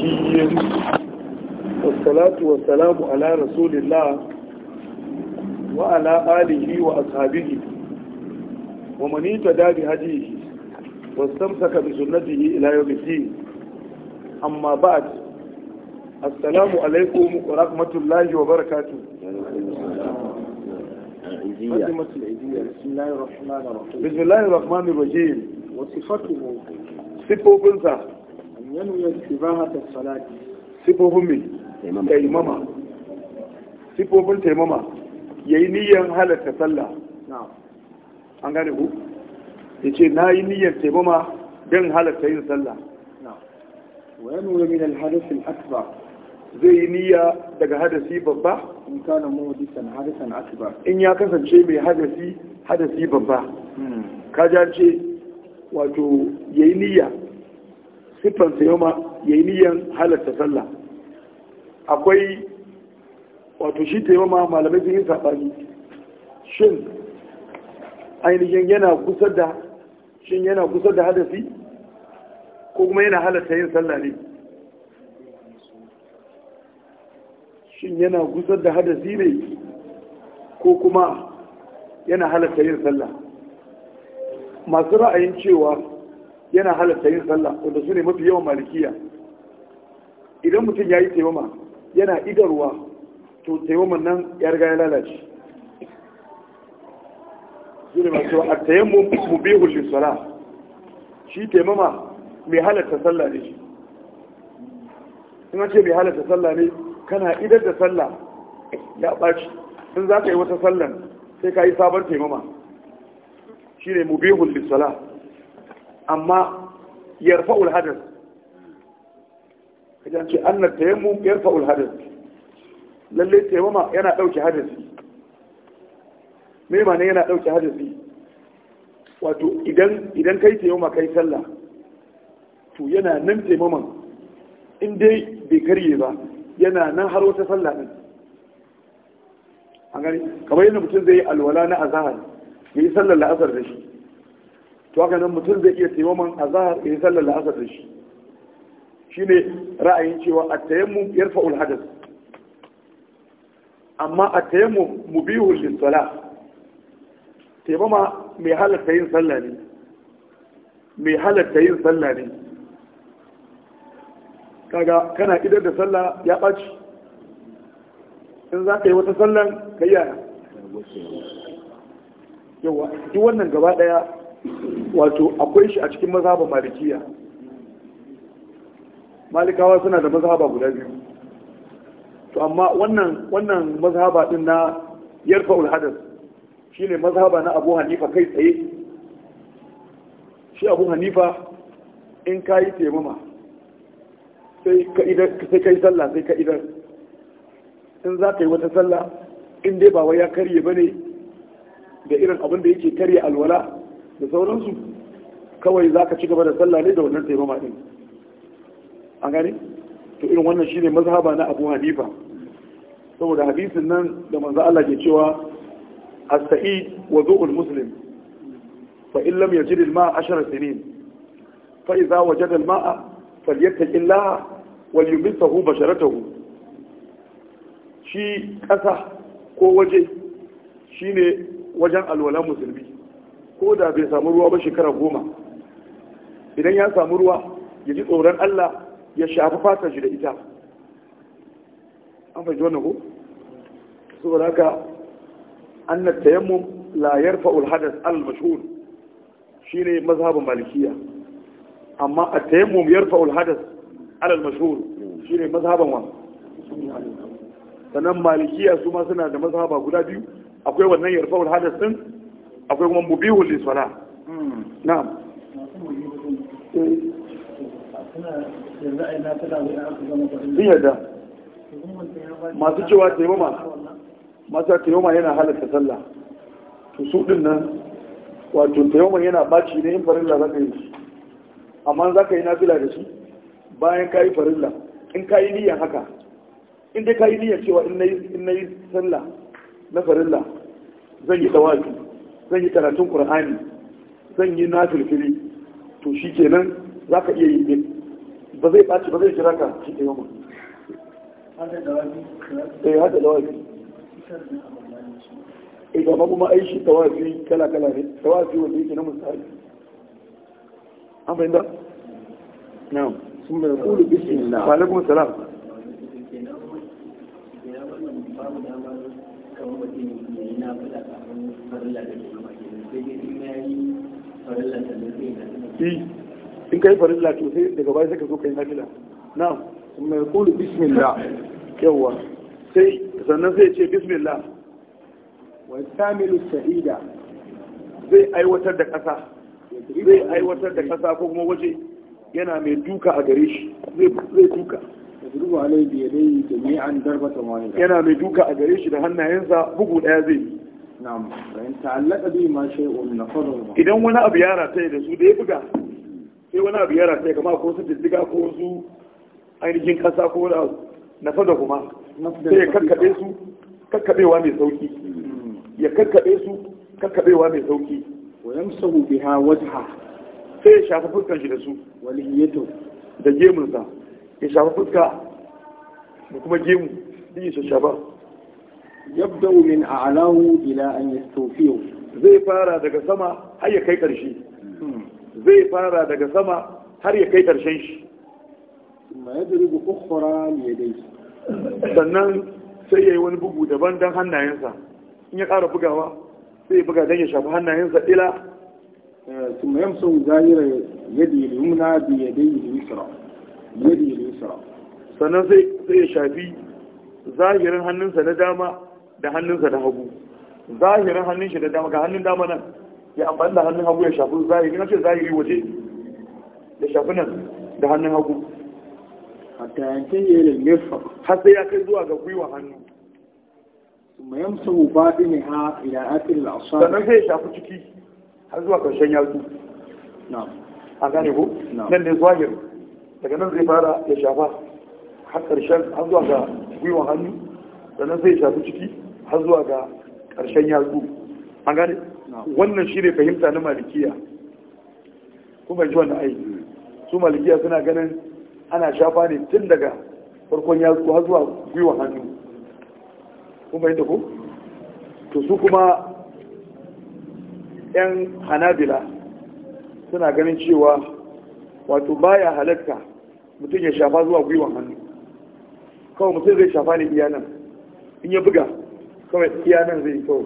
kiyin wasalatu wasalamu ala rasulillah wa ala alihi wa ashabihi wa manita dadi haji wasamsaka bi sunnatihi ila yawmiddi amma ba'd assalamu alaikum wa rahmatullahi wa barakatuh bismillahir rahmanir rahim wa sifatuhu sifatuhu yanwiyar sibaha salati sifofin taimama sifofin taimama ya yi niyyar sallah an gane ku ya ce na yi niyyar taimama don yin sallah zai yi niyya daga hadasi babba in kana hadasan akbar in ya kasance mai hadasi hadasi babba hmm. ka ce wato yayi niyya siffansa yau ma ya yi niyan halarta sallah akwai wato shi ta yau ma malamai sun yi saɓani shin ainihin yana kusa da shin yana kusa da hadafi ko kuma yana halarta yin sallah ne shin yana kusa da hadafi ne ko kuma yana halarta yin sallah masu ra'ayin cewa yana halatta yin sallah wanda su ne mafi yawan malikiya idan mutum ya yi taimama yana idarwa to taimaman nan ya riga ya lalace su ne masu a taimu mubihun sala, shi taimama mai halatta sallah ne shi ce mai halatta sallah ne kana idar da sallah ya ɓaci sun za ka yi wata sallan sai ka yi sabon taimama shi ne mu mubihun sala. amma yarfa'ul hadas kajan ce annat tayammum yarfa'ul hadas lalle taimama yana dauke hadasi me ma ne yana dauke hadasi wato idan idan kai tayammuma kai sallah to yana nan taimaman, in dai bai karye ba yana nan har wata sallah din an gani kamar yadda mutum zai yi alwala na azhar yayi sallar la'asar da shi to haka nan mutum zai iya taimaman azahar zahar yi sallar da da shi shi ne ra'ayin cewa a tayammum yarfa'ul ulhadar amma a tayammum mubihul lissala taimama mai halatta yin sallah ne mai halatta yin sallah ne kaga kana idar da sallah ya ɓaci in za ka yi wata sallan ka yi yaya yawa duk wannan gaba ɗaya wato akwai shi a cikin mazhaban malikiya malikawa suna da mazhaba guda biyu to amma wannan wannan mazhaba din na yarfa ulhadas shine mazhaba na abu hanifa kai tsaye shi abu hanifa in ka yi taimama sai ka yi sallah sai ka idan in za ka yi wata sallah in dai ba wai ya karye ba ne da irin abin da yake karye alwala da sauransu kawai za ka ci gaba da sallah ne da wannan taimama ɗin, an gani. to irin wannan shi shine mazhaba na abu hanifa saboda hadisin nan da manzo Allah ke cewa a sa'i wa zu'ul muslim fa in lam yajid al-ma'a ashara sinin fa idza wajada al-ma'a falyattaqi Allah wal yumsahu basharatahu shi kasa ko waje shine wajen alwala musulmi ko da bai samu ruwa ba shekara goma idan ya samu ruwa ya ji tsoron Allah ya shafi fatar shi da ita an fahimci wannan ko saboda haka annat tayammum la yarfa'ul hadath al mashhur ne mazhabin malikiya amma at tayammum yarfa'ul hadath al mashhur shine mazhaban wa sanan malikiya su ma suna da mazhaba guda biyu akwai wannan fa'ul-hadas din akwai kuma mubihu li sala hmm. na'am yadda masu cewa taimama masu taimama yana halatta sallah to su din nan wato taimama yana baci ne in farilla za ka yi amma za ka yi na fila da shi bayan ka yi farilla in ka yi niyan haka in dai ka yi niyan cewa in na yi sallah na farilla zan yi tawafi zan yi karatun ƙur'ani zan yi nafilfili to shi kenan za ka iya yi ba zai ɓaci ba zai jira ka shi ke yamma eh hada dawafi eh ba kuma ai shi tawafi kala kala ne tawafi wanda yake na musali an fahimta na'am sun bai kulu bismillah wa alaikum salam kamar mutum ya yi na fula Eh, in ka yi farilla to sai daga baya sai ka zo kai nafila Na. mai kulu bismillah yawa sai sannan sai ce bismillah wa samilu sa'ida zai aiwatar da ƙasa zai aiwatar da ƙasa ko kuma waje yana mai duka a gare shi zai duka yana mai duka a gare shi da hannayensa bugu ɗaya zai yi idan wani abu ya rataye da su da ya buga sai wani abu ya rataye kama ko su diddiga ko su ainihin kasa ko da nafa da kuma sai hmm. ya kakkaɓe su kakkaɓewa mai sauki ya kakkaɓe su kakkaɓewa mai sauki wayan sahu biha wajha sai ya shafa fuskan shi da su waliyyatu da gemunsa ya shafa fuska da kuma gemu duk ya shafa yabda min a'lahu ila an yastawfiyu zai fara daga sama har ya kai karshe zai fara daga sama har ya kai karshen shi ma yadribu ukhra li yadayhi sannan sai yayi wani bugu daban dan hannayensa in ya ƙara bugawa sai buga dan ya shafi hannayensa ila ثم يمسح ظاهر يده اليمنى بيديه اليسرى بيده اليسرى sannan sai ya shafi zahirin hannunsa na dama da hannunsa da hagu zahirin hannun shi da dama ga hannun dama nan ya amfani da hannun hagu ya shafi zahiri na ce zahiri waje ya shafi nan da hannun hagu hatta yanke ya yi lefa har sai ya kai zuwa ga gwiwa hannu mai yamsa ba ne ha ila akin lasa sannan sai ya shafi ciki har zuwa karshen yatsu a gane ko nan ne zahir daga nan zai fara ya shafa har karshen har zuwa ga gwiwa hannu sannan sai ya shafi ciki har zuwa ga ƙarshen yazu an gane wannan shi ne fahimta na malikiya kuma ji wannan aiki su malikiya suna ganin ana shafa ne tun daga farkon yazu har zuwa gwiwa hannu kuma yadda ku? to su kuma 'yan hanabila suna ganin cewa wato baya halatta mutum ya shafa zuwa gwiwan hannu kawai mutum zai shafa ne iya nan in ya buga kawai iya nan zai kawo.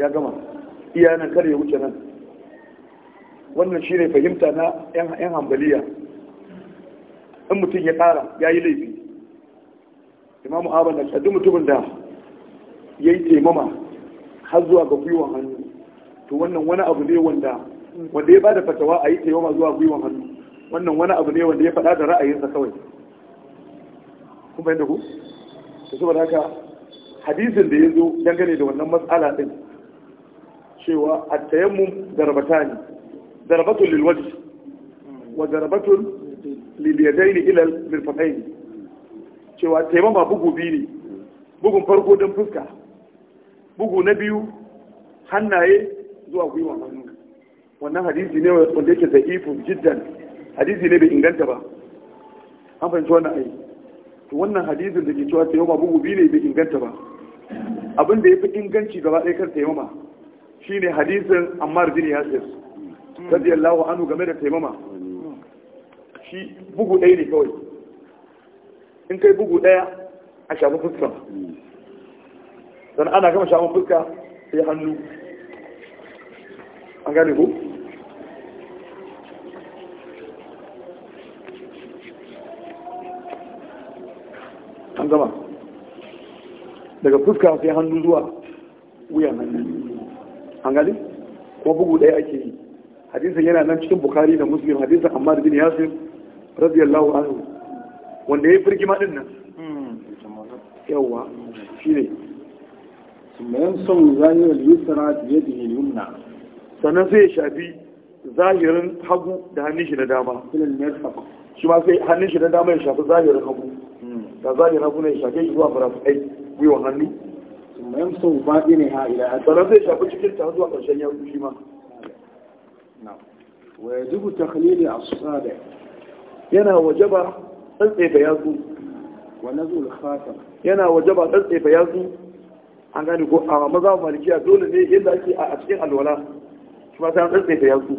ya gama iya nan kar ya wuce nan wannan shi ne fahimta na 'yan hambaliya in mutum ya ƙara ya yi laifi imamu abin da kaddu mutumin da ya yi taimama har zuwa ga gwiwon hannu to wannan wani abu ne wanda wanda ya ba da fatawa a yi taimama zuwa gwiwon hannu wannan wani abu ne wanda ya faɗa da ra'ayinsa kawai Kuma yadda ku da saboda haka hadisin da ya zo dangane da wannan matsala din cewa at-tayammum darbatani ne lil lilwaji wa darbatun liliyadai ne ilal al ne. cewa tayammum ba bugu biyu ne bugun farko don fuska bugu na biyu hannaye zuwa gwiwa hannu wannan hadisi ne wanda yake da ifu jiddan hadisi ne bai inganta ba an fahimci wannan ai to wannan hadisin da ke cewa taimama bugu biyu ne bai inganta ba abin da ya fi inganci gaba ɗaya kan taimama shine hadisin ammar bin yasir radiyallahu anhu game da taimama shi bugu ɗaya ne kawai in kai bugu ɗaya a shafi fuska sannan ana kama shafin fuska sai hannu an gane ku gama daga fuska sai hannu zuwa wuya nan an gani kuma bugu ɗaya ake yi hadisin yana nan cikin bukari da muslim hadisin amma da bin yasir radiyallahu anhu wanda ya yi firgima ɗin nan yawwa shi ne sumayen son zahirar yusra da yadda yumna sannan sai ya shafi zahirin hagu da hannun shi na dama shi ma sai hannun shi na dama ya shafi zahirin hagu hmm. da zari na gune shage shi zuwa farafukai gwiwon hannu mayan sau ba ne ha ila tsara zai shafi cikin ta zuwa ƙarshen ya shi ma wa ya dubu ta khalili a sada yana wajaba tsantsefa yanzu wa zuwa khatam yana wajaba ba yatsu an gane ko a maza malikiya dole ne yadda ake a cikin alwala shi ma sai an tsantsefa yatsu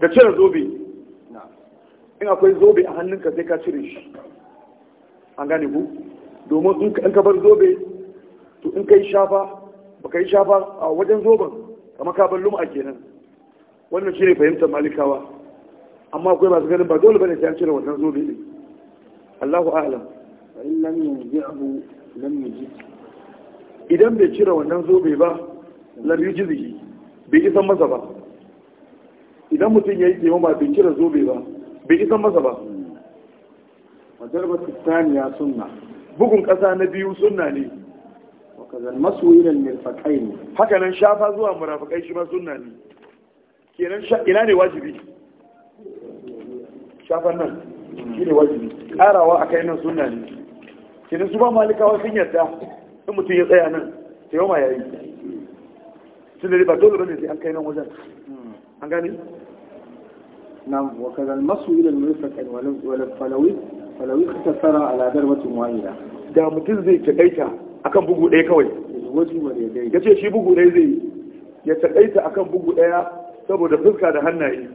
da cire zobe in akwai zobe a hannunka sai ka cire shi an gane ku domin in ka bar zobe to in kai shafa ba ka yi shafa a wajen zoben kamar ka bar lum'a kenan wannan shine fahimtar malikawa amma akwai masu ganin ba dole bane ta an cire wannan zobe ne Allahu a'lam lam yunzi'hu lam yujid idan bai cire wannan zobe ba lam yujidhi bai isan masa ba idan mutum ya yi ba bai cire zobe ba bai isan masa ba wajarba tsaniya sunna bugun ƙasa na biyu sunna ne wakazan masu ilal mirfaƙai ne haka nan shafa zuwa murafaƙai shi ma sunna ne kenan ina ne wajibi Shafa nan shi ne wajibi Karawa a kai nan sunna ne kenan su ba malikawa sun yarda in mutum ya tsaya nan ta yau ma yayi sun da ba dole ne sai an kai nan wajen an gane na wakazan masu ilal mirfaƙai walawi falau ikhtasara ala darbatin wahida da mutum zai takaita akan bugu ɗaya kawai ya ce shi bugu ɗaya zai ya takaita akan bugu ɗaya saboda fuska da hannaye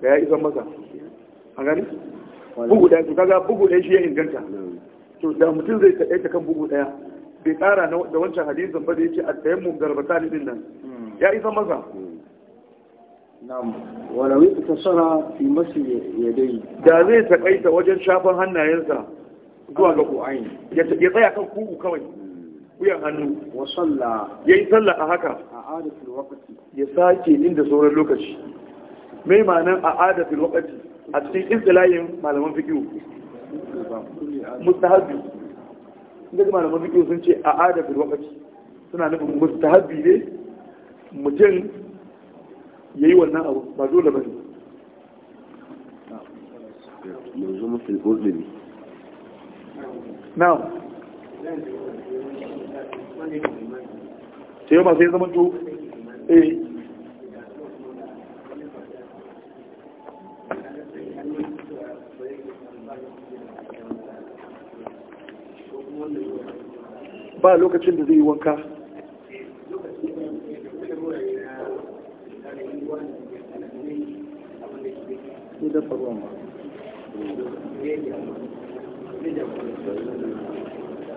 da ya isan masa a gani bugu ɗaya to kaga bugu ɗaya shi ya inganta to da mutum zai takaita kan bugu ɗaya bai ƙara da wancan hadisin ba da yake a tayammum garbata ne din nan hmm. ya isan masa hmm. walawi ta sara fi masu yadai da zai taƙaita wajen shafan hannayensa zuwa ga ku'ain ya tsaya kan kuku kawai wuyan hannu wa salla yayi salla a haka a adatul waqti ya sake inda sauran lokaci mai ma'anar a adafin wakati a cikin istilahin malaman fiqh mustahabbi inda malaman fiqh sun ce a adafin wakati suna nufin mustahabbi ne mutum ya yi wannan abu ba dole ba ne yanzu mafi ne na'am sai ba sai zama to eh ba lokacin da zai yi wanka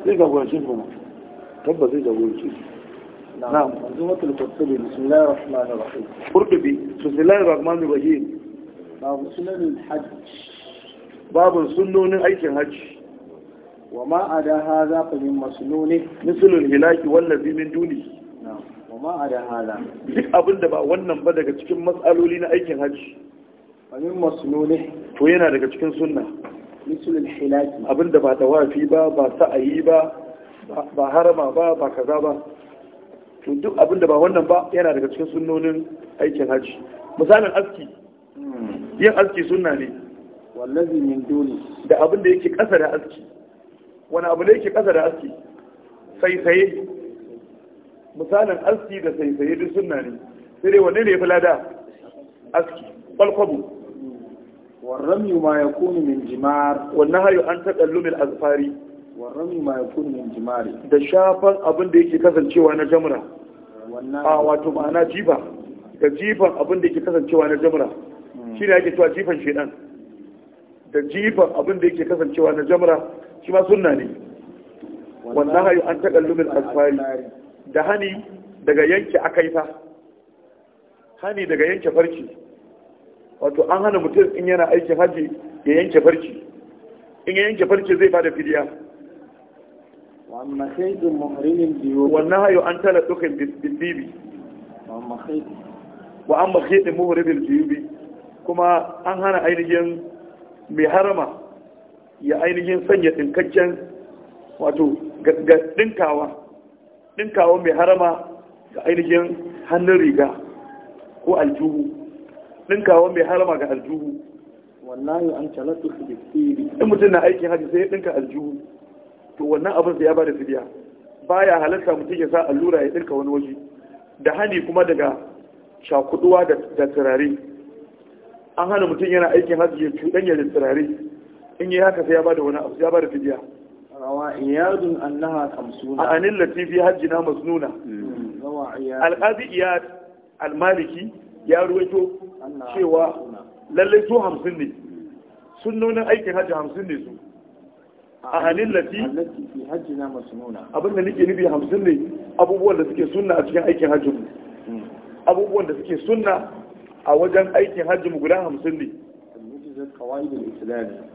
zai jagoranci kuma tabbas zai jagoranci na'am manzumatul qurtubi bismillahir rahmanir rahim qurtubi bismillahir rahmanir rahim babu sunanin hajj babu sunnonin aikin hajj. hajji وما أدى هذا فمن مسنون مثل الهلاك والذي من دونه وما أدى هذا duk abin da ba wannan ba daga cikin matsaloli na aikin hajji famin masnuni to yana daga cikin sunna misulul hilaki abinda ba tawafi ba ba sa'ayi ba ba harama ba ba kaza ba to duk abinda ba wannan ba yana daga cikin sunnonin aikin hajji misalin aski hmm. yin aski sunna ne wallazi min duni da abinda yake kasa da aski wani abu ne yake kasa da aski sai-sai. saisaye misalin aski da sai duk sunna ne sai dai wanne ne ya fi lada aski kwalkwabo والرمي ما يكون من جمار والنهي عن تقلم الأظفار والرمي ما يكون من جمار ده شافا أبن ديكي كذل شوى أنا جمرة آه واتم أنا جيبا ده جيبا أبن ديكي كذل شوى أنا جمرة شيرا يكي شوى جيبا شيئا da jifan abin da yake kasancewa na jamra shi ma sunna ne wannan hayu an taƙallumin asfari da hani daga yanke akaifa hani daga yanke farki wato an hana mutum in yana aikin haji ya yanke farci in ya yanke farci zai bada fidiya wannan biyu wannan hayo an tala dukkan bibi wa an makhaidin muhrimin biyu kuma an hana ainihin mai harama ya ainihin sanya dinkakken wato ga dinkawa dinkawa mai harama ga ainihin hannun riga ko aljuhu dinkawa mai harama ga aljuhu wallahi an talatu su da tsiri in mutum na aikin haji sai ya dinka aljuhu to wannan abin sai ya bada fidiya baya halarta mutum ya sa allura ya dinka wani waje da hani kuma daga shakuduwa da turare an hana mutum yana aikin haji ya cuɗanya da turare in yi haka sai ya bada wani abu ya bada fidiya rawa'iyadun annaha kamsuna a anil latifi hajji hajjina masnuna hmm. alqazi iyad almaliki ya ruwaito cewa lallai su hamsin ne sun nuna aikin hajji hamsin ne su a halin lati abinda nake nufi hamsin ne abubuwan da suke sunna a cikin aikin hajji mu abubuwan da suke sunna a wajen aikin hajji mu guda hamsin ne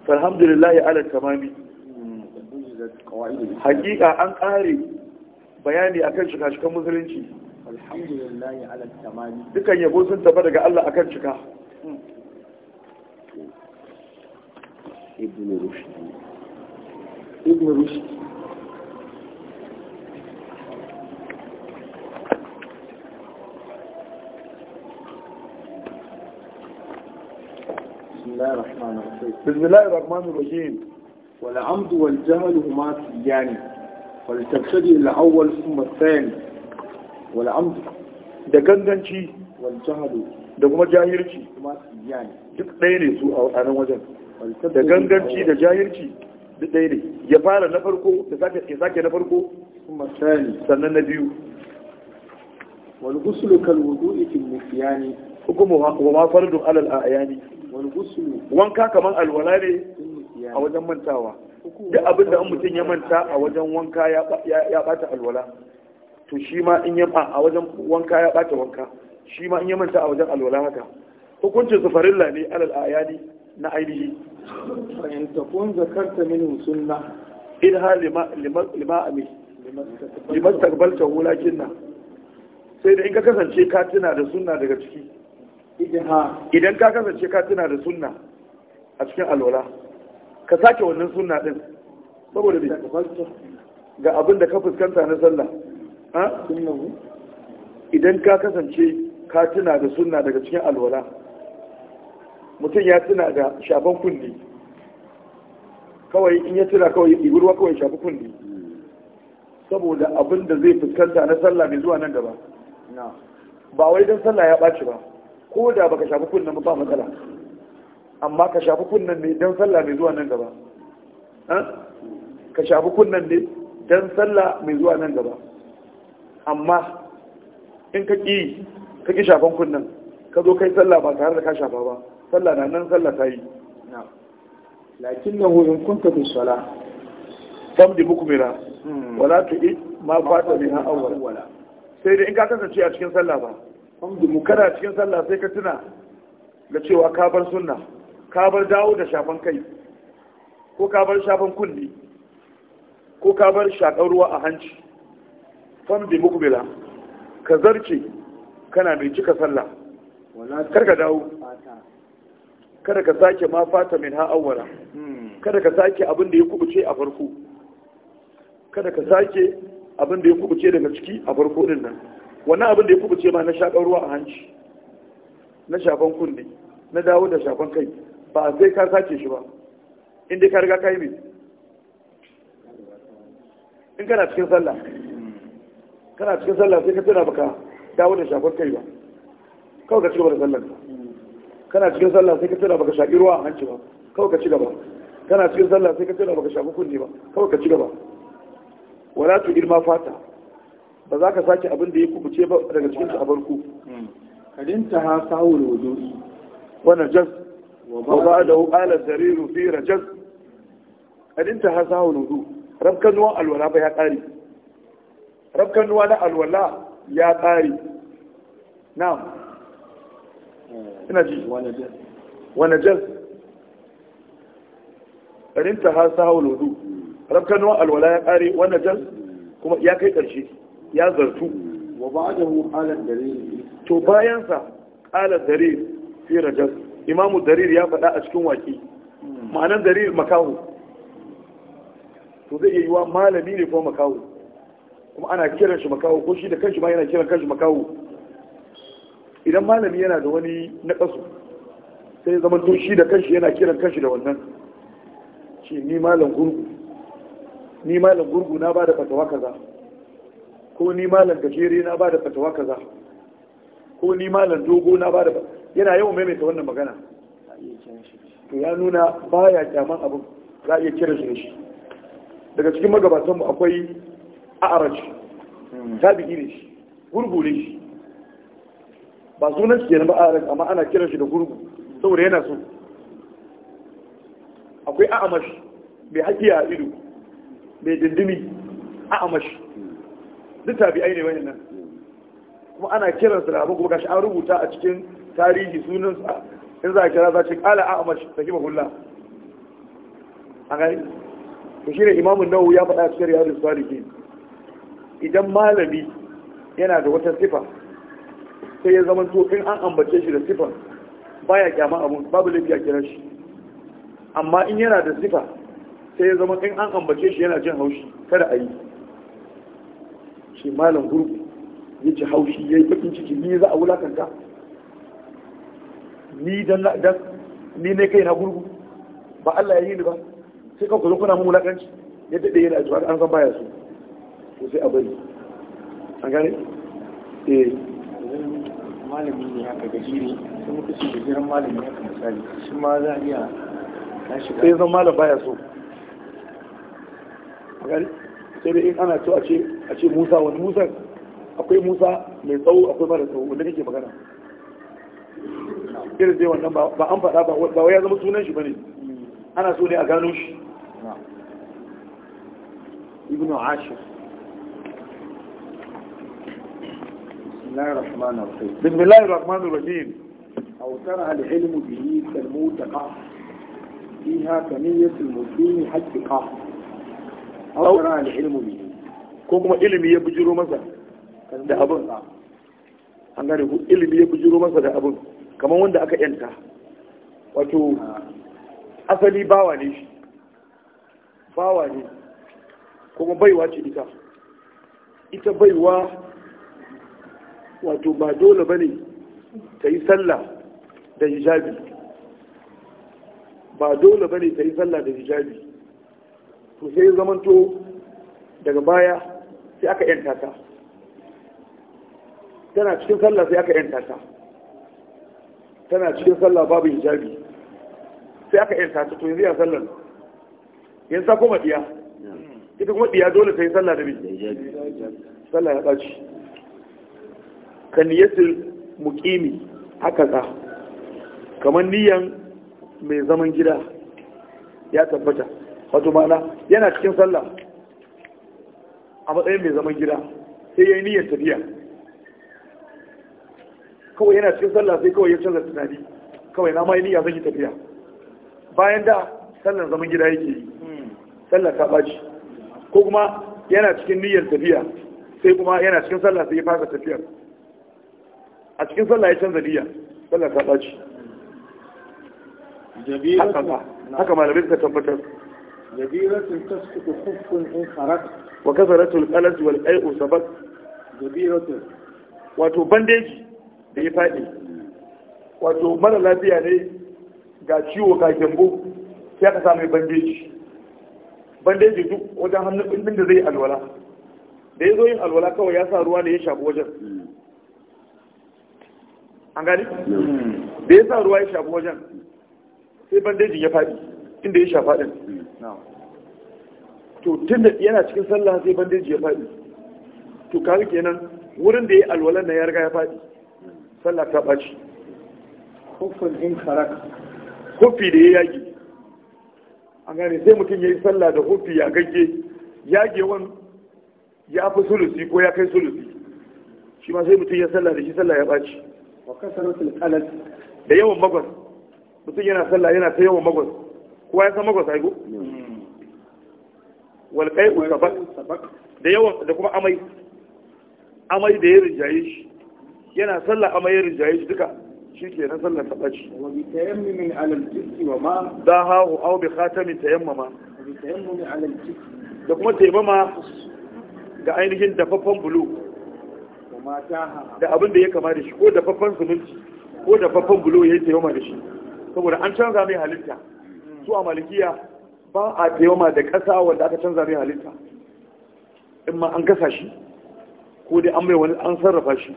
alhamdulillahi ala kamami hakika an kare bayani akan shika-shikan musulunci alhamdulillahi ala tamami dukan yabo sun tafi daga Allah akan cika ibn rushd ibn rushd بسم الله الرحمن الرحيم والعمد والجهل هما سيان فلتبتدئ الأول ثم الثاني wal da ganganci wal da kuma jahirci, kuma yani duk ɗaya ne su a nan wajen da ganganci da jahirci, duk ɗaya ne ya fara na farko da sake ya zaka na farko kuma sani sannan na biyu wal ghuslu kal wudu'i fil mufyani hukumu wa ma fardu ala al ayani wal ghuslu wanka kaman alwala ne a wajen mantawa duk abin da an mutum ya manta a wajen wanka ya bata alwala to shi ma in yamma a wajen wanka ya ɓata wanka shi ma in ya manta a wajen alwala haka hukuncin su farilla ne alal ayani na ainihi in takun zakarta min sunna in ha lima ami lima takbalta wulakin na sai da in ka kasance ka tuna da sunna daga ciki idan ka kasance ka tuna da sunna a cikin alwala ka sake wannan sunna din saboda ga abin da ka fuskanta na sallah idan ka kasance ka tuna da sunna daga cikin alwala mutum ya tuna da shafan kulli kawai in ya tuna kawai igurwa kawai shafi kulli saboda abin da zai fuskanta na sallah mai zuwa nan gaba ba wai don sallah ya ɓaci ba ko da baka shafi kunnan ba matsala amma ka shafi kunnen ne don sallah mai zuwa nan gaba ka shafi kunnen ne don sallah mai zuwa nan gaba amma in ka ƙi ka ƙi shafan kunnen ka zo kai sallah ba tare da ka shafa ba sallah na nan sallah ta yi lakin da wurin kunta bi sala kam di mukmira hmm. wala tu'i ma ne min awwala sai dai in ka kasance a cikin sallah ba kada cikin sallah sai ka tuna da cewa ka bar sunna ka bar dawo da shafan kai ko ka bar shafan kunni ko ka bar shakar ruwa a hanci fambi mukbila ka zarce kana mai cika sallah kar ka dawo kada ka sake ma fata min ha'awara hmm. kada ka sake abin da ya kubuce a farko kada ka sake abin da ya kubuce daga ciki a farko din nan wannan abin da ya kubuce ma na shaƙar ruwa a hanci na shafan kunne na dawo da shafan kai ba a sai ka sake shi ba in dai ka riga ka yi mai in kana cikin sallah kana cikin sallah sai ka tana baka dawo da shafar kai ba kawai ka cigaba da sallar ka kana cikin sallah sai ka tana baka shaƙi ruwa a hanci ba kawai ka cigaba kana cikin sallah sai ka tana baka shafi kunne ba kawai ka cigaba wala tu ilma fata ba za ka sake abin da ya kubuce ba daga cikin su ta abarku hmm. kadinta ha sawul wudu'i wannan jaz wa ba'dahu qala sariru fi rajaz kadinta ha sawul wudu rabkan wa alwala ba ya kare rabkan ruwa na alwala ya tsari na'am ina ji wani jas rinta har sa hudu. rabkan ruwa alwala ya tsari wane jas kuma ya kai ƙarshe ya zartu wa ba da mu halar dare to bayansa halar dare fi rajas imamu dare ya faɗa a cikin waƙi hmm. Ma'anar dare makahu to zai iya yiwa malami ne ko makahu kuma ana kiran shi makaho ko shi da kanshi ma yana kiran kanshi makaho idan malami yana da wani naƙasu sai zama to shi da kanshi yana kiran kanshi da wannan shi ni malam gurgu ni malam gurgu na bada fatawa kaza ko ni malam gajere na bada fatawa kaza ko ni malam dogo na bada yana yawan maimaita wannan magana to ya nuna baya kyaman abin za a iya kiran shi daga cikin magabatanmu akwai a'araj tabi'i ne shi gurgu ne shi ba sunan shi kenan ba a'araj amma ana kiran shi da gurgu saboda yana so akwai a'amash mai haƙi a ido mai dindimi a'amash duk tabi'ai ne wani nan kuma ana kiran su da abu kuma gashi an rubuta a cikin tarihi sunan in za a kira za ce kala a'amash ta kima hulla a gani to shi ne imamun nawu ya faɗa cikin riyadu salihin idan malami yana da wata sifa sai ya zama tofin in an ambace shi da sifa, ba ya kyama abun babu laifi a kira shi amma in yana da sifa sai ya zama in an ambace shi yana jin haushi kada a yi shi malam gurgu ya ci haushi ya yi kakin ciki ni za a wulakanta ni dan ni ne kai na gurgu ba Allah ya yi ni ba sai kan kuzo kuna mun wulakanci ya daɗe yana jiwa an san baya so ko sai a bari an gane eh malami ne haka gajiri sun mutu su gajiran malami haka misali shi ma za a iya tashi sai zan malam baya so a gani sai dai in ana so a ce musa wani musa akwai musa mai tsawo akwai mara tsawo wanda kake magana irin dai wannan ba an faɗa ba wai ya zama sunan shi bane hmm. ana so ne a gano shi ibnu ashir الله الرحمن الرحيم بسم الله الرحمن الرحيم أو ترى العلم به كالموتقة فيها كمية المسلم حتقة أو ترى العلم به كم علم يبجر مثلا da abin an gane ku ilimi ya bujiro masa da abin kamar wanda aka yanta wato asali bawa ne shi bawa ne kuma baiwa ce ita ita baiwa wato ba dole ba ne ta yi sallah da hijabi ba dole ba ne ta yi sallah da hijabi to sai zamanto daga baya sai aka yanta ta tana cikin sallah sai aka yanta ta tana cikin sallah babu hijabi sai aka yanta ta to yanzu ya sallar yanzu ta koma diya ita kuma diya dole ta yi sallah da bi sallah ya ɓaci kaniyatul niyatul muqimi haka za kamar niyan mai zaman gida ya tabbata wato ma'ana yana cikin sallah a matsayin mai zaman gida sai ya yi niyyar tafiya kawai yana cikin sallah sai kawai ya canza tunani kawai na ma yi niyya zan yi tafiya bayan da sallar zaman gida yake yi sallar ta ɓaci ko kuma yana cikin niyyar tafiya sai kuma yana cikin sallah sai ya fasa tafiyar a cikin sallah ya canza niyya sallah ta ɓaci haka malamai suka tabbatar jabiratun tasqutu khuffun in harak wa kasaratul qalat wal ay'u sabat jabiratun wato bandeji da ya faɗi wato mara lafiya ne ga ciwo ga gyambo sai ka samu bandeji bandeji duk wajen hannun ɗin da zai alwala da ya zo yin alwala kawai ya sa ruwa ne ya shafi wajen an gani hmm. da ya sa ruwa ya shafi wajen sai bandejin ya faɗi inda ya shafa ɗin hmm. to tun da yana cikin sallah sai bandeji ya faɗi to kawai kenan wurin da ya alwalan na ya riga ya faɗi sallah ta ɓaci kofin in karak kofi da ya yage an gane sai mutum ya yi sallah da kofi ya gagge wan ya fi sulusi ko ya kai sulusi shi ma sai mutum ya sallah da shi sallah ya ɓaci wa kasaratul da yawan magwas mutum yana sallah yana ta yawan magwas kuwa ya san magwas ai Walƙai wal qai'u da yawan da kuma amai amai da ya rinjaye shi yana sallah amai ya rinjaye shi duka shi ke na sallar ta ɓaci. Wabi tayammimin alal jiki wa ma? Da hahu au bi khatamin tayammama. Da kuma taimama ga ainihin dafaffen bulu. da abin da ya kama da shi ko dafaffen zumunci ko dafaffen bulo ya yi tayoma da shi saboda an canza mai halitta su a malikiya ba a tayoma da ƙasa wanda aka canza mai halitta in ma an kasa shi ko dai an mai wani an sarrafa shi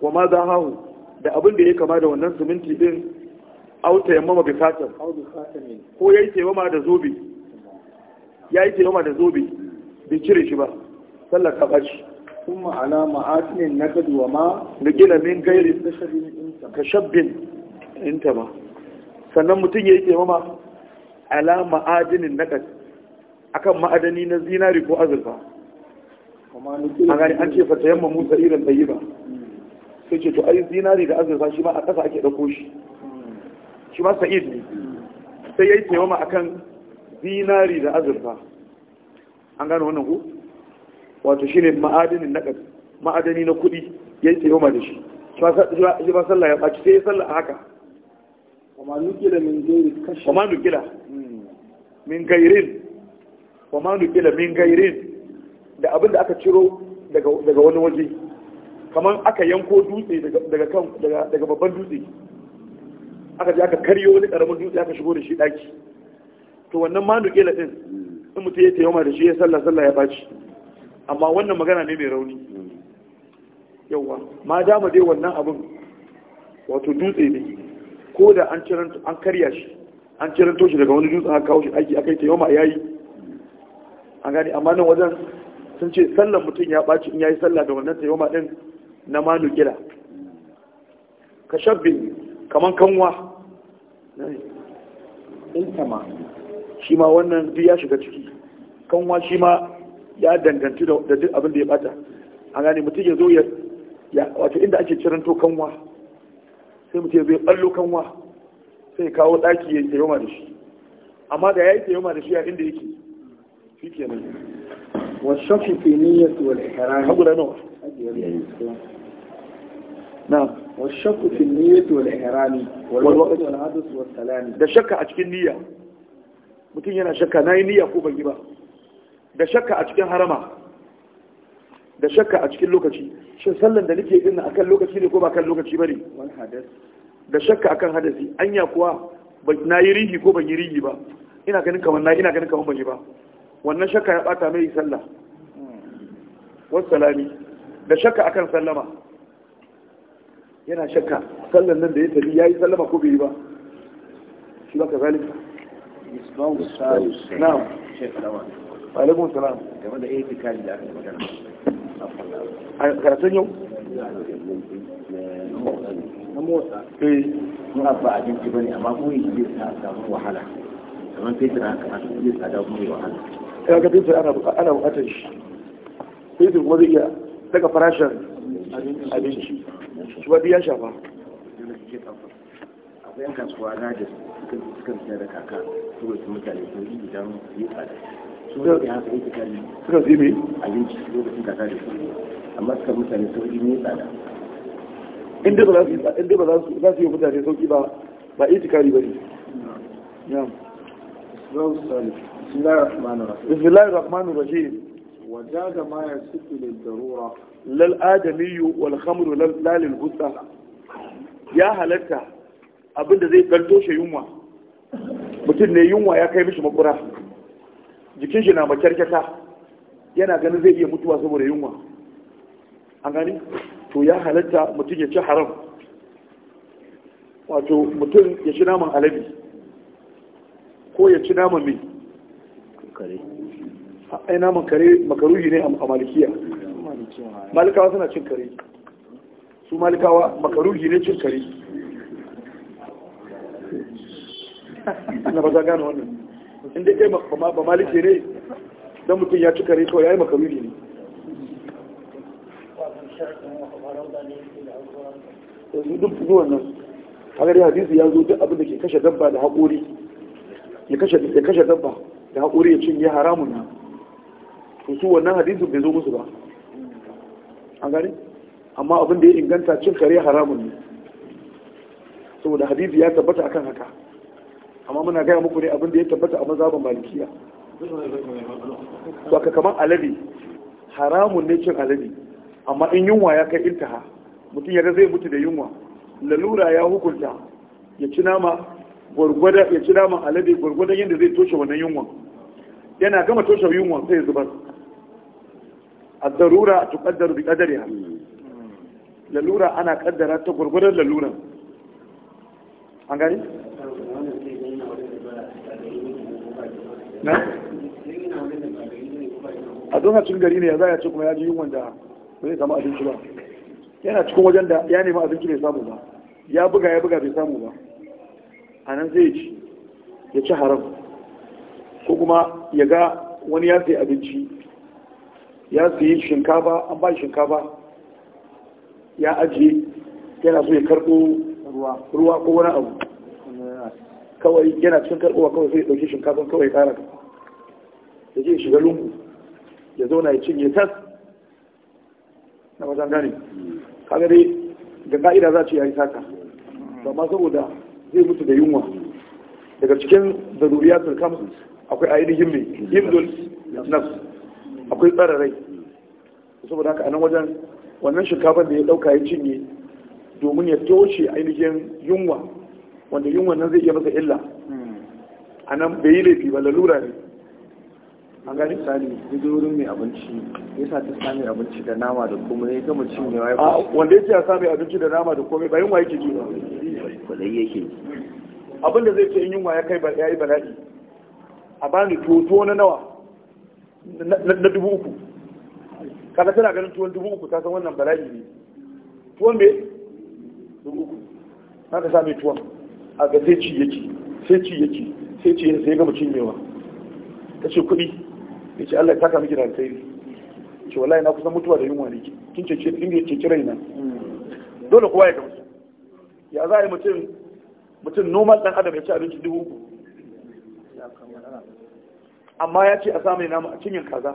wa ma za hau, da abin da ya kama da wannan siminti din auta yamma ma bisatar ko ya yi taimama da zobe ya yi taimama da zobe bai cire shi ba sallar ka shi. ثم على معاتن النقد وما نقل من غير كشب انتما sannan mutum ya yi taimama ala ma'adinin nakat akan ma'adani na zinari ko azurfa a gani an ce fata yamma musa irin bai yi ba sai ce to ai zinari da azurfa shi ma a ƙasa ake ɗauko shi shi ma sa'id ne sai ya yi taimama akan zinari da azurfa an gano wannan ku wato shine ma'adinin naqas ma'adani na kudi yi tsayoma da shi shi ba sallah ya baci sai sallah a haka wa nukila min gairin nukila min gairin da abin da aka ciro daga wani waje kamar aka yanko dutse daga babban dutse aka ce aka karyo wani karamin dutse aka shigo da shi daki to wannan ma nukila din in mutu ya taimaka da shi ya sallah sallah ya baci amma wannan magana ne mai rauni yauwa ma dama dai wannan abin wato dutse ne ko da an an karya shi an ciranto shi daga wani dutse aka kawo shi aiki akai ta yoma yayi an gani amma nan wajen sun ce sallan mutum ya ɓaci in yayi sallah da wannan ta yoma din na manu kira ka shabbi kaman kanwa in tama shi ma wannan duk ya shiga ciki kanwa shi ma ya danganci da duk abin da ya bata a gani mutum ya zo ya wata inda ake ciranto kanwa sai mutum ya zo ya ballo kanwa sai kawo ɗaki ya yi da shi amma da ya yi tayoma da shi a inda yake shi ke nan wasu shafi ne finiyya su wani ikirani haguda nawa na wasu shafi finiyya su wani ikirani wani wakil wani hadu su wani salani da shakka a cikin niyya mutum yana shakka na yi niyya ko ban yi ba da shakka a cikin harama da shakka a cikin lokaci shin sallan da nake yin akan lokaci ne ko ba kan lokaci bane wal da shakka akan hadasi anya kuwa na yi rihi ko ban yi rihi ba ina ganin kamar na ina ganin kamar ban yi ba wannan shakka ya bata mai sallah hmm. wassalami da shakka akan sallama yana shakka sallan nan da ya tafi yayi sallama ko bai yi ba shi ba kazalika na'am وعليكم السلام كمان ايه في كان داخل المكان افضل كراتينيو موسى في مربع جيب جبني اما هو يجيب ساعة وحالة كمان في سرعة كمان يجيب ساعة وحالة ايه اكا تنسي انا انا واتش في دي وضعية تكا فراشا ابنش شو بدي اشافا ابنك اسوانا جس كنت سنة كاكا تقول سمتالي تنجي جام يقعد suka sai mai abinci lokacin kaka da amma suka mutane sauki ne tsada in dai ba za su za su yi mutane sauki ba ba itikari ba ne na'am بسم الله الرحمن الرحيم بسم الله الرحمن الرحيم وجاز ما يصف للضرورة للآدمي والخمر لا Ya halatta. abinda zai kalto shi yunwa mutum ne yunwa ya kai mishi makura jikin shi na makyarkyata yana ganin zai iya mutuwa saboda yunwa A gani to ya halatta mutum ya ci haram wato mutum ya ci naman alabi ko ya ci naman mai kare ai naman kare makaruhi ne a malikiya malikawa suna cin kare su malikawa makaruhi ne cin kare na ba za gano wannan in dai kai ba malike ne don mutum ya cika ne kawai ya yi makamuri ne yanzu duk zuwan nan ya hadisi ya zo duk abin da ke kashe dabba da haƙori ya kashe dabba da haƙori ya ya haramun na to su wannan hadisin bai zo musu ba A gani amma abin da ya inganta cin kare haramun ne saboda hadisi ya tabbata akan haka amma muna gaya muku ne abin da ya tabbata a mazhaban malikiya to ka kaman alade haramun ne cin alade amma in yunwa ya kai intaha mutum yadda zai mutu da yunwa lalura ya hukunta ya ci nama gwargwada ya ci nama alade gwargwada yadda zai toshe wannan yunwa yana gama toshe yunwa sai ya zubar الضرورة تقدر بقدرها lalura ana kaddara ta gwargwadon lalura an gani na eh? a lokacin gari ne ya za a ce kuma ya ji yunwan da ba zai samu abinci ba yana cikin wajen da ya nemi abinci bai samu ba ya buga ya buga bai samu ba a nan zai ci ya ci haram ko kuma ya ga wani ya sai abinci ya sayi shinkafa an ba shinkafa ya ajiye yana so ya karɓo ruwa ko wani abu kawai yana cikin karɓowa kawai sai ɗauki shinkafa kawai ƙara ya je shiga lungu ya zauna ya cinye tas na wajen gane kaga dai ga ka'ida za ce ya yi saka amma saboda zai mutu da yunwa daga cikin zaruriyatul kams akwai ainihin mai himdul nafs akwai tsara rai saboda haka a nan wajen wannan shinkafar da ya ɗauka ya cinye domin ya toshe ainihin yunwa wanda yin wannan zai iya masa illa a nan bai yi laifi ba lalura ne an gani misali ya zo wurin mai abinci ya sa ta sami abinci da nama da komai ya gama cinyewa ya a wanda ya ce ya sami abinci da nama da komai bayan wa ke ji ba kwalai yake abin da zai ce in yunwa ya kai ba ya yi bala'i a bani tuwo na nawa na dubu uku kada tana ganin tuwon dubu uku ta san wannan bala'i ne tuwon me dubu uku na ka sami tuwon a ga sai ci yake sai ci yake sai ci sai ga mutum ta ce kuɗi ya ce Allah ya taka miki da alkhairi ce wallahi na kusan mutuwa da yunwa ne kin ce kin ya ce kirai na dole kowa ya gamsu ya za a yi mutum mutum normal dan adam ya ci abinci dubu amma ya ce a samu nama a cinyin kaza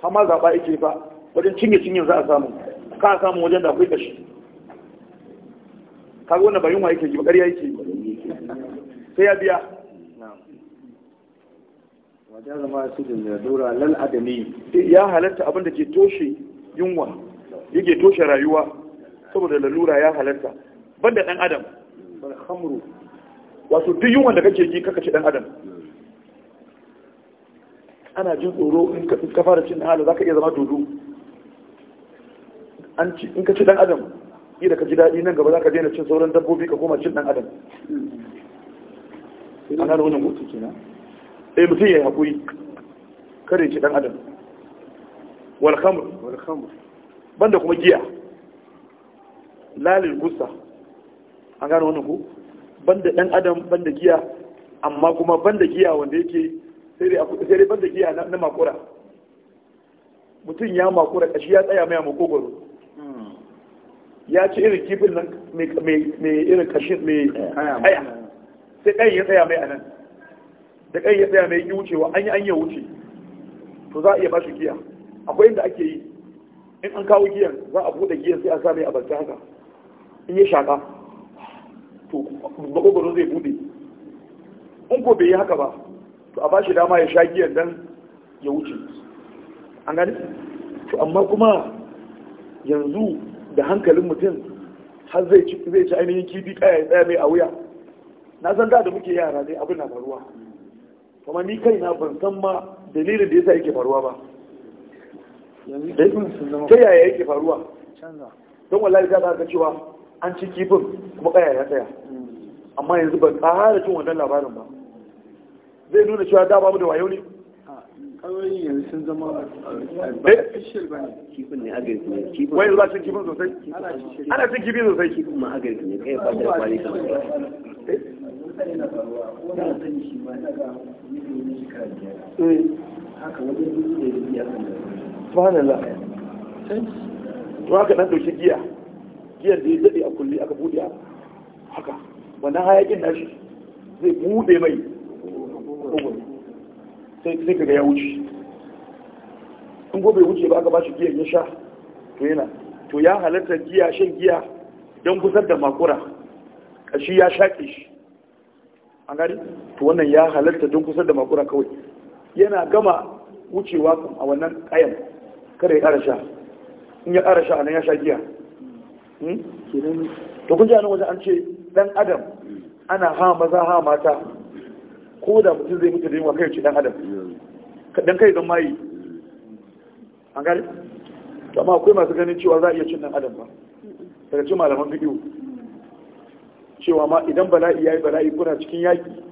har ma zaɓa yake fa wajen cinye cinyin za a samu ka samu wajen da akwai kashi kaga wannan ba yunwa yake yi ba ƙarya yake yi sai ya biya wajen zama sujin da dora lal adami ya halatta abin da ke toshe yunwa yake toshe rayuwa saboda lalura ya halatta banda dan adam bar khamru wato duk yunwa da kake ji kaka ci dan adam ana jin tsoro in ka fara cin halu zaka iya zama dodo an ci in ka ci dan adam kila ka ji daɗi nan gaba za ka daina cin sauran dabbobi ka koma cin ɗan adam an gano wannan mutu nan eh mutum ya yi haƙuri kare ci ɗan adam wal khamr banda kuma giya lalil gusa an gano wannan ku banda ɗan adam banda giya amma kuma banda giya wanda yake sai dai banda giya na makura mutum ya makura ƙashi ya tsaya mai makogoro ya ci irin kifin nan mai irin kashin mai haya sai kai ya tsaya mai a nan da kai ya tsaya mai yi wucewa an yi an yi wuce to za a iya ba shi giya akwai inda ake yi in an kawo giyan za a buɗe giyan sai a sa mai a barci haka in ya shaƙa to makogoro zai buɗe in ko bai yi haka ba to a ba shi dama ya sha giyan dan ya wuce an gani to amma kuma yanzu da hankalin mutum har zai ci ainihin kifi kaya ya tsaya mai a wuya na san da muke yara ne abin na faruwa kuma ni kai na ban san ma dalilin da yasa yake faruwa ba ta yaya yake faruwa don wallahi za ga cewa an ci kifin kuma kaya ya tsaya hmm. amma yanzu ban ƙara cin wannan labarin ba zai nuna cewa da babu da wayo ne ƙauyen yanzu sun zama ba eh? official ba kifin ne ne kifin su kifin sosai ana cin kifin sosai kifin ma agric ne kai ba da kwali eh? haka nan giya. Giyar da ya daɗe a kulli aka buɗe haka. Wannan hayakin nashi zai buɗe mai sai kaga ya wuce in gobe wuce ba ka ba shi giyan ya sha to yana to ya halatta giya shan giya don gusar da makura kashi ya shaƙe shi an gari to wannan ya halatta don gusar da makura kawai yana gama wucewa kan a wannan kayan kada ya ƙara sha in ya ƙara sha a nan ya sha giya hmm? to kun ji a nan wajen an ce dan adam ana ha maza ha mata ko da mutum zai mutu da yunwa kai ci dan adam dan kai don mayi an gani amma akwai masu ganin cewa za a iya cin dan adam ba daga cin malaman bidiyo cewa ma idan bala'i ya yi bala'i kuna cikin yaƙi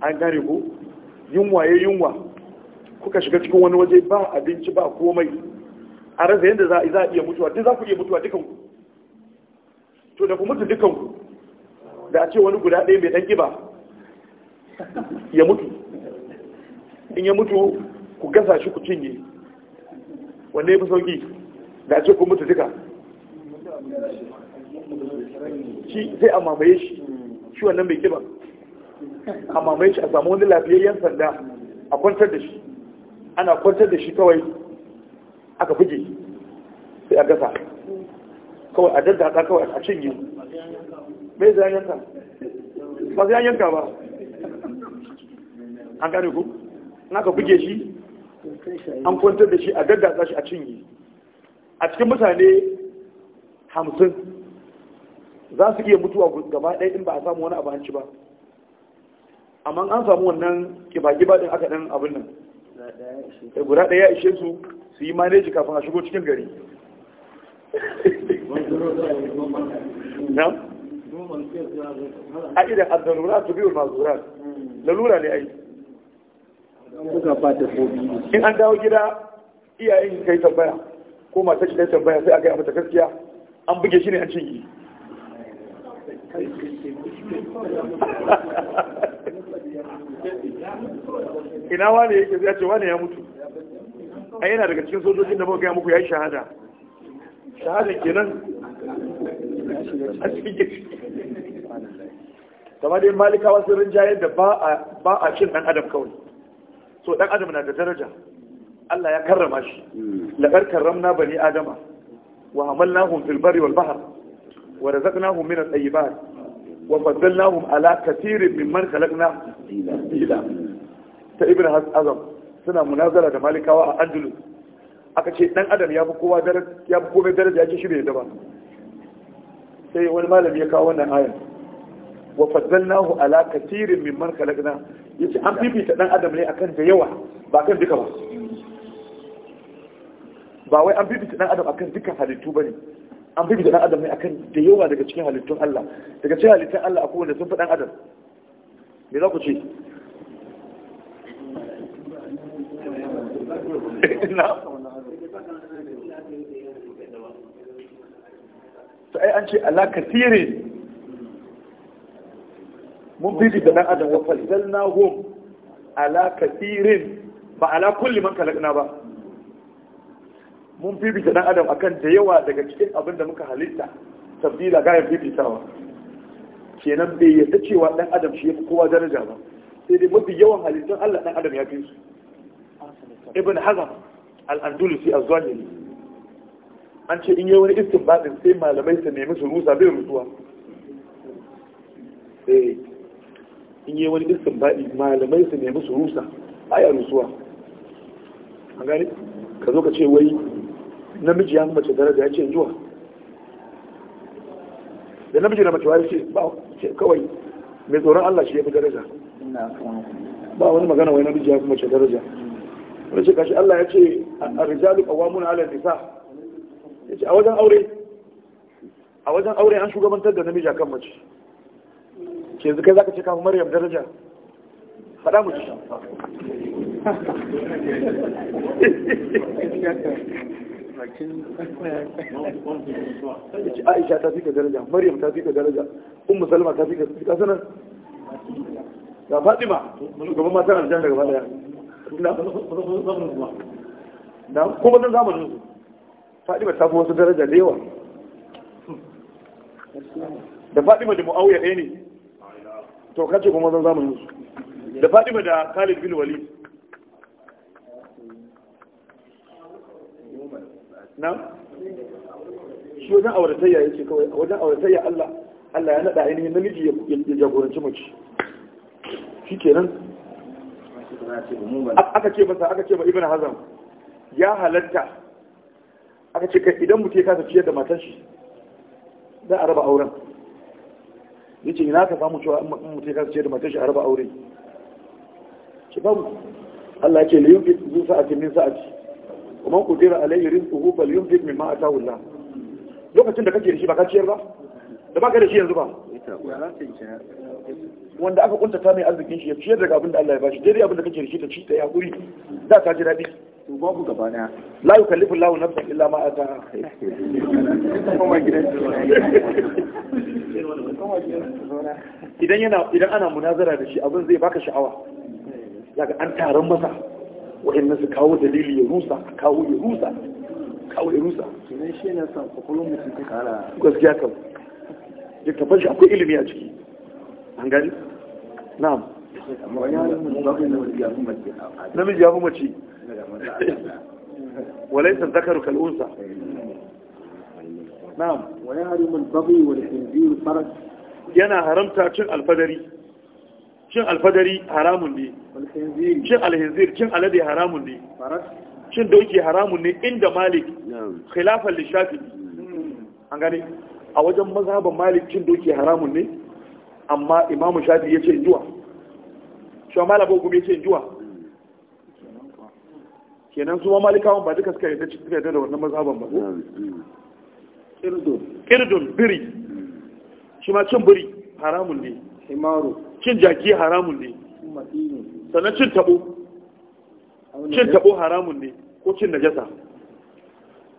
an gane ku yunwa ya yunwa kuka shiga cikin wani waje ba abinci ba komai a rasa yadda za a iya mutuwa duk za ku iya mutuwa dukanku to da ku mutu dukanku da a ce wani guda ɗaya mai ɗan ƙiba ya mutu in ya mutu ku gasa shi ku cinye wanda ya fi sauki da ce ku mutu duka shi sai a mamaye shi shi wannan mai kiban a mamaye shi a samu wani lafiyayyen sanda a kwantar da shi ana kwantar da shi kawai aka fije sai a gasa kawai a daddata kawai a cinye mai zai yanka ba zai yanka ba an gane ku in aka buge shi an kwantar da shi a gaggatsa shi a cinye a cikin mutane hamsin za su iya mutuwa gaba ɗaya in ba a samu wani abu ba amma an samu wannan kiba-kiba din aka ɗan abin nan da guda ɗaya ishe su su yi maneji kafin a shigo cikin gari a idan azalura su biyu mazura lalura ne aiki. in an dawo gida iyayen kai tambaya ko matar shi tambaya sai a gaya mata gaskiya an buge shi ne an cinye ina wane yake zai ce wane ya mutu a yana daga cikin sojojin da muka ya muku ya yi shahada shahada kenan a cikin kamar dai malikawa sun rinjayar da ba a cin ɗan adam kawai so ɗan adam na da daraja Allah ya karrama shi laqad karramna bani adama wa hamalnahum fil barri wal bahr wa razaqnahum min at-tayyibat wa faddalnahum ala katirin mimman khalaqna tafdila ta ibn hazm suna munazara da malikawa a andalus aka ce dan adam ya fi kowa daraja ya fi komai daraja ya ce shi bai da ba sai wani malami ya kawo wannan ayar wa faddalnahu ala katirin man khalaqna yace an fifita dan adam ne akan da yawa ba kan duka ba ba wai an fifita dan adam akan duka halittu bane an fifita dan adam ne akan da yawa daga cikin halittun Allah daga cikin halittun Allah akwai wanda sun fi dan adam me za ku ce to an ce ala katirin mun fi da dan adam wa faddalnahum ala kathirin ba ala kulli man kalakna ba mun fi da dan adam akan da yawa daga cikin abin da muka halitta tabdila ga ya fifitawa kenan bai yadda cewa dan adam shi yafi kowa daraja ba sai dai mafi yawan halittun Allah dan adam ya fi su ibn hazm al-andalusi az-zahiri an ce in yi wani istinbadin sai malamai su nemi su rusa bai rusuwa eh. in yi wani iskan baɗi malamai su nemi su rusa a rusuwa a gani ka zo ka ce wai namiji ya mace daraja ya ce zuwa da namiji na mace ya ce ba kawai mai tsoron Allah shi ya fi daraja ba wani magana wai namiji ya fi mace daraja wani ce kashi Allah ya ce a a wamuna ala nisa ya ce a wajen aure a wajen aure an shugabantar da namiji akan mace ke yanzu kai zaka ce kafin maryam daraja faɗa mu ji Aisha ta fi ka daraja, Maryam ta fi ka daraja, Ummu Salma ta fika ka sanar. Ga Fatima, gaba ma ta jan daga baya. Na kuma zan zamanin su. Fatima ta fi wasu daraja da yawa. Da Fatima da Muawiya ɗaya ne. to kace kuma zan zamanin su da Fatima da Khalid bin Walid na shi wajen auratayya ce kawai wajen auratayya Allah Allah ya nada ainihin namiji ya jagoranci mace shi kenan aka ce masa aka ce ma Ibn hazam ya halatta aka ce idan mutum ya kasa ciyar da matar shi za a raba auren yace ina ka samu cewa in mutum ya kasance da mace shi a raba aure ki ba mu Allah yake liyunfik zu sa'atin min sa'ati wa man qadira alayhi rizquhu ma mimma ta wula. lokacin da kake da shi ba ka ciyar ba da ba ka da shi yanzu ba wanda aka kuntata mai arzikin shi ya ciyar daga abin da Allah ya bashi daidai abin da kake da shi ta ci ta yakuri za ta ji daɗi to babu gaba daya la yukallifu Allahu nafsan illa ma ata idan yana idan ana munazara da shi abin zai baka sha'awa daga an taron masa wa'annan su kawo dalili ya rusa kawo ya rusa kawo ya rusa sunan shi yana san kokolon mutum ta kara gaskiya kam duk ta fashi akwai ilimi a ciki an gani na'am namiji ya fi mace walaisa zakaru kal'unsa eh. yana haramta cin alfadari cin alfadari haramun ne cin alhinzir cin alade haramun ne cin doki haramun ne inda malik khilafan lishafi an gane a wajen mazhaban malik cin doki haramun ne amma imamu shafi ya ce juwa shawar malaba hukum ya ce juwa kenan su ma malikawan ba duka suka yadda da wannan mazhaban ba kirdun biri shi ma cin biri haramun ne himaru cin jaki haramun ne sannan cin tabo cin tabo haramun ne ko cin najasa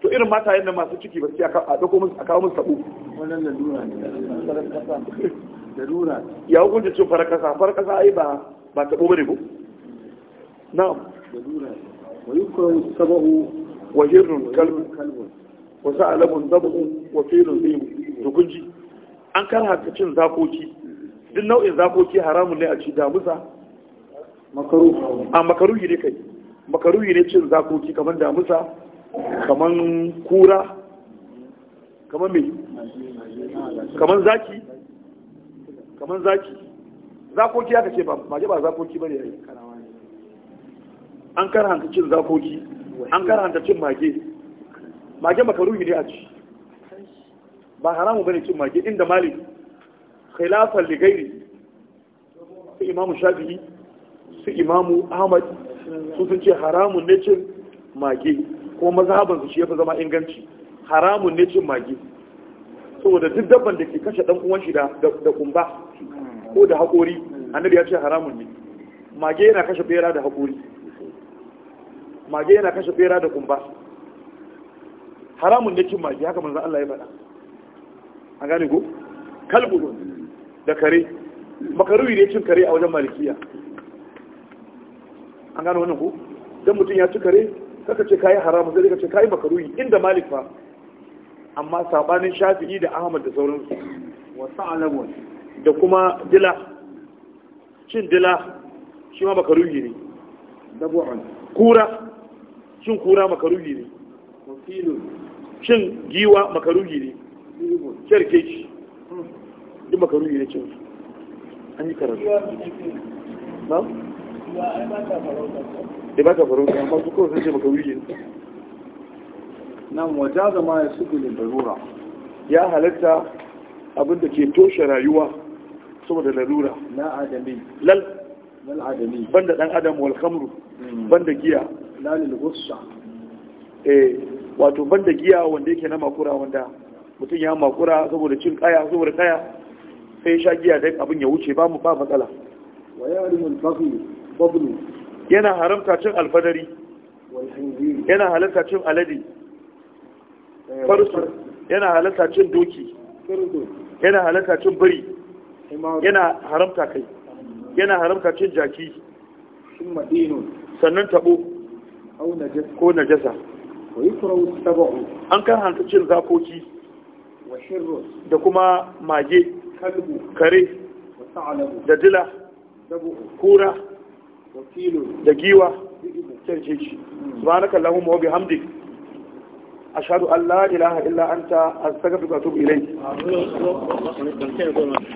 to irin mata yadda masu ciki ba sai a dauko a kawo musu tabo wannan lalura ne lalura ya hukunta cin farakasa farakasa ai ba ba tabo bane ko na'am lalura wa yukra sabahu wa hirrun kalbun wa sa'alabun zabu wa filun zai dukunji an karhata cin zakoki duk nau'in zakoki haramun ne a ci damusa makaruhi a makaruhi ne kai makaruhi ne cin zakoki kamar damusa kamar kura kamar mai kamar zaki kamar zaki zakoki aka ce ba maje ba zakoki bane yayi an karhanta cin zakoki an karanta cin mage mage makaruhi ne a ci ba haramu bane cin mage inda malik khilafan li gairi su imamu shafi'i su imamu ahmad su sun ce haramun ne cin mage ko mazhaban su shi yafi zama inganci haramun ne cin mage saboda duk dabban da ke kashe dan uwan shi da da kumba ko da hakori annabi ya ce haramun ne mage yana kashe bera da hakori mage yana kashe bera da kumba haramun ne cin mage haka manzo Allah ya faɗa an gane ko kalbu da kare makaruhi ne cin kare a wajen malikiya an gane wannan ko dan mutum ya ci kare kaka ce kai haramun sai ka ce kai makaruhi inda malik fa amma sabanin shafi'i da ahmad da sauransu wasu sa'alamu da kuma dila cin dila shi ma makaruhi ne kura cin kura makaruhi ne shin giwa makarugi ne kyarke shi hmm. duk makarugi ne cin an yi karatu ba? da ba ta farauta amma su kawai sun ce ne nan waje zama ya su gulin darura ya halatta abinda ke toshe rayuwa saboda larura na adami lal banda dan adam walhamru hmm. banda giya lalil gussa Eh, wato banda giya wanda yake na makura wanda mutum ya makura saboda cin kaya saboda kaya sai sha giya dai abin ya wuce ba mu ba matsala wa fadlu yana haramta cin alfadari yana halatta cin alade eh, farsu yana halatta cin doki yana halatta cin biri yana haramta kai yana haramta cin jaki sannan tabo ko najasa an kan hanta zakoki da kuma mage kare da dila kura da giwa kyarce shi subhanaka allahumma wa illa ilai.